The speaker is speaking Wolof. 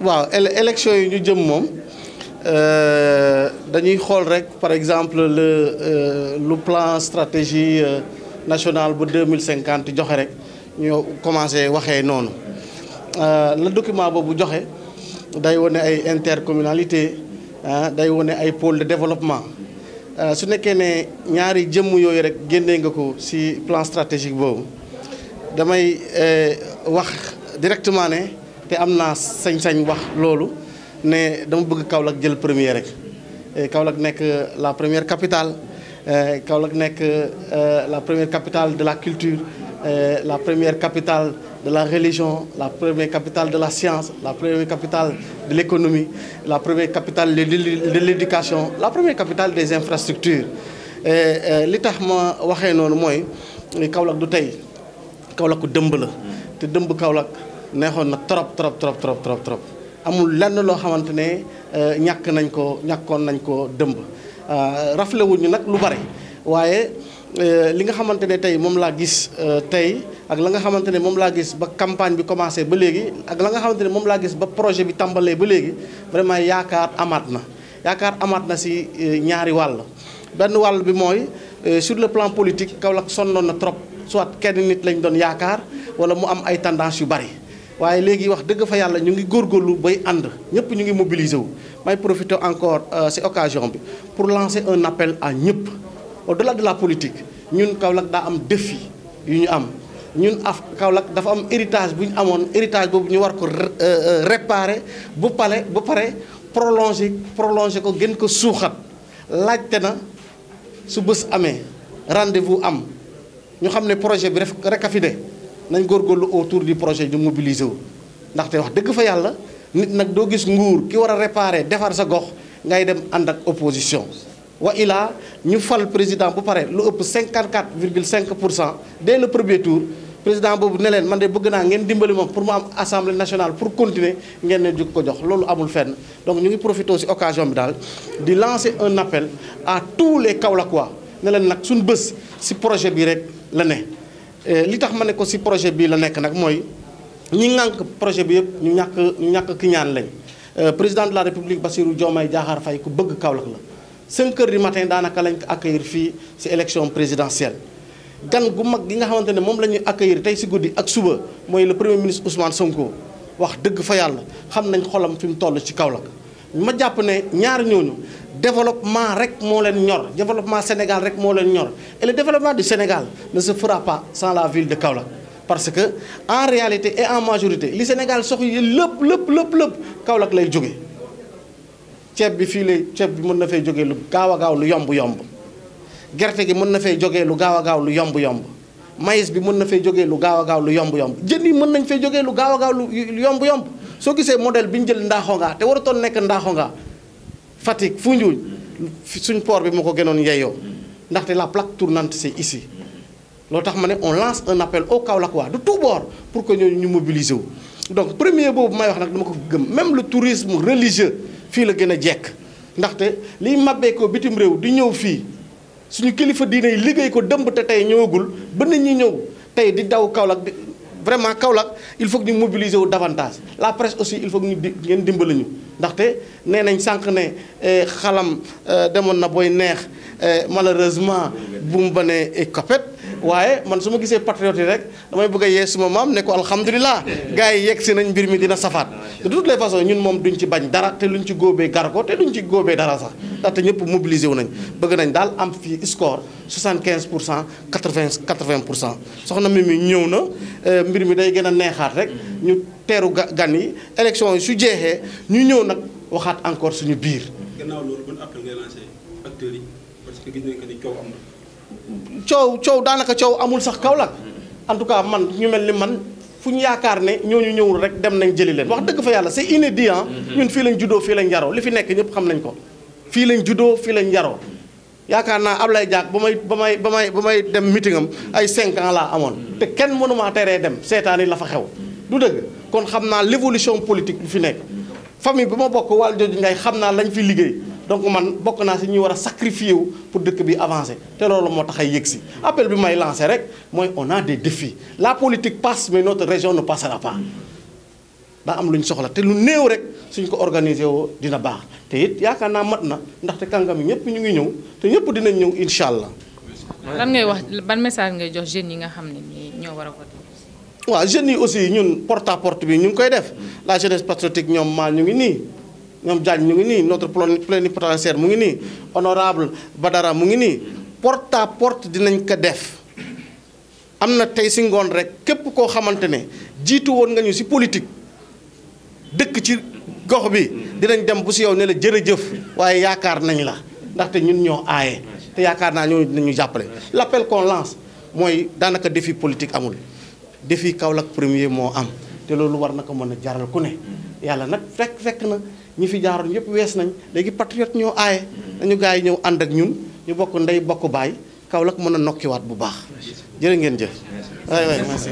waaw élection yi ñu jëm moom euh, dañuy xool rek par exemple lu euh, le plan stratégie euh, nationale ba deux mille cinquante joxe rek ñu commencé waxee noonu la document boobu joxe day wone ay intercommunalité ah day wone ay pôle de développement su nekkee ne ñaari jëmm yooyu rek génnee nga ko ci plan stratégie boobu damay wax directement ne. te am na sañ-sañ wax loolu ne dama bëgg Kaolack jël premier rek eh, Kaolack nekk euh, la première capitale eh, Kaolack nekk euh, la première capitale de la culture eh, la première capitale de la religion la première capitale de la science la première capitale de l'économie la première capitale de l'éducation la première capitale des infrastructures li tax ma waxee noonu mooy Kaolack du tey Kaolack ku dëmb la te dëmb Kaolack neexoon na trop trop trop trop trop trop amul lenn loo xamante ne euh, ñàkk nañ ko ñàkkoon nañ ko dëmb euh, rafle wuñu nag lu bare waaye euh, li nga xamante ne tey moom laa gis tey ak la nga xamante ne moom laa gis ba campagne bi commencé ba léegi ak la nga xamante ne moom laa gis ba projet bi tàmbalee ba léegi vraiment yaakaar amaat na yaakaar amaat na si ñaari wàll benn wàll bi mooy sur le plan politique Kaolack sonnoon na trop soit kenn nit lañ doon yaakaar wala mu am ay tendance yu bari waaye léegi wax dëgg fa yàlla ñu ngi góorgóorlu bay ànd ñëpp ñu ngi mobiliser wu may profiter encore euh, ci occasion bi pour lancer un appel à ñëpp au-delà de la politique ñun Kaolack daa am défi yu ñu am ñun af Kaolack dafa am héritage bu ñu amoon héritage boobu ñu war ko euh, euh, réparer bu pare bu pare prolonger prolonger ko gën ko suuxat laajte na su bës amee rendez-vous am ñu xam ne projet bi rek a fi de nañ góorgóorlu autour du projet ñu mobiliser wu ndaxte wax dëgg fa yàlla nit nag doo gis nguur ki war a réparer defar sa gox ngay dem ànd ak opposition wa ilaa ñu fal président bu pare lu ëpp 54 virgule 5 pour cent dès le premier tour président boobu ne leen man de bëgg naa ngeen dimbali moom pour mu am assemblée nationale pour continuer ngeen ne jug ko jox loolu amul fenn donc ñu ngi profité ci occasion bi daal di lancer un appel à tous les Kaolackois ne leen nag suñu bés ci projet bi rek la ne Euh, li tax ma ne ko ci projet bi la nekk nag mooy ñi ŋànk projet bi yëpp ñu ñàkk ñu ñàkk ki ñaan lañ euh, président de la république Bassirou Diomaye Diakhar Faye ku bëgg Kaolack la 5 heures matin daanaka lañ ko accueillir fii ci élection présidentielle gan gu mag gi nga xamante ne moom la ñuy accueillir tey si guddi ak suba mooy le premier ministre Ousmane Sonko wax dëgg fa yàlla xam nañ xolam fi mu toll ci Kaolack ma jàpp ne ñaari ñooñu développement rek moo leen ñor développement Sénégal rek moo leen ñor et le développement du Sénégal ne se fera sans la ville de Kaolack parce que en réalité et en majorité li Sénégal soxla lépp lépp lépp lépp Kaolack lay jóge ceeb bi fii lay ceeb bi mën na fay jóge lu gaaw a gaaw lu yomb yomb gerte gi mën na fay jógee lu gaaw a gaaw lu yomb yomb maïs bi mën na fay jógee lu gaaw a gaaw lu yomb yomb jën yi mën nañ fay jógee lu gaaw a gaaw lu yomb soo gisee modèle bi ñu jël Ndaxonga te waratoon nekk Ndaxonga Fatick Foundiougne suñ port bi moo ko gënoon yeyoo ndaxte la plaque tournante c'est ici loo tax ma ne on lance un appel au Kaolack waa de tout pour que ñooñu ñu mobiliser wu. donc premier boobu may wax nag dama ko gëm même le tourisme religieux fii la gën a jekk ndaxte liy ko bitim réew di ñëw fii suñu kilifa diine yi liggéey ko dëmb te tey ñëwagul ba nit ñi ñëw tey di daw Kaolack di vraiment il faut ñu mobiliser wu davantage la presse aussi il faut ñu di ngeen dimbali ñu. ndaxte nee nañ sànq ne eh, xalam eh, demoon na booy neex eh, malheureusement buum ba ne kopet waaye man su ma gisee patriote rek damay bëgg a yee suma maam ne ko alhamdulilah gars yi yegg si nañ mbir mi dina safaat de toutes les façons ñun moom duñ ci bañ dara te luñ ci góobee gar ko te duñ ci góobee dara sax ndaxte ñëpp mobilisé wu nañ bëgg nañ daal am fii score quinze pour cent 80 80 pour cent soxna mi mi ñëw na mbir mi day gën a neexaat rek teeru gan yi élection yi su jeexee ñu ñëw nag waxaat encore suñu biir. coow na. coow coow daanaka coow amul sax Kaolack en tout cas man ñu mel ni man. fu ñu yaakaar ne ñoo ñu ñëwul rek dem nañ jëli leen wax dëgg fa yàlla c'est inédit mm-hmm. ñun fii lañ juddoo fii lañ yaroo li fi nekk ñëpp xam nañ ko fii lañ juddoo fii lañ yaroo yaakaar naa Ablaye Diack ba may ba may ba may ba may dem meeting ay 5 laa amoon mm-hmm. te kenn mënumaa teree dem seetaani la fa xew du dëgg kon xam naa l'évolution politique bi fi nekk famille bi ma bokk wàllu jooju ngay xam naa lañ fi liggéey donc man bokk naa si ñuy war a sacrifier wu pour dëkk bi avancer te loolu moo tax ay yëg si appel bi may lancer rek mooy on a des défis la politique passe mais notre région ne passera pas daa am lu ñu soxla te lu néew rek suñ ko organiser woo dina baax te it yaakaar naa mat na ndaxte kàngam yi ñëpp ñu ngi ñëw te ñëpp dinañ ñëw incha allah. lan ngay wax ban message ngay jox jeunes yi nga xam ne ñoo war a waaw jeunes yi aussi ñun porte à porte bi ñu ngi koy def la jeunesse patriotique ñoom maal ñu ngi nii ñoom Diagne ñu ngi nii notre plénipotentiaire mu ngi nii honorable Badara mu ngi nii porte à porte dinañ ko def am na tey si ngoon rek képp koo xamante ne jiitu woon nga ñu si politique dëkk ci gox bi dinañ dem bu si yow ne la jërëjëf waaye yaakaar nañ la ndaxte ñun ñoo aaye te yaakaar naa ñoo dinañu jàppale l'appel qu'on lance mooy daanaka défi politique amul défi Kaolack premier moo am te loolu war na ko mën a jaral ku ne yàlla nag fekk fekk na ñi fi jaaroon yëpp wees nañ léegi patriote ñoo aaye nañu gars yi ñëw ànd ak ñun ñu bokk ndey bokk baay Kaolack mën a nokkiwaat bu baax jërë ngeen jëf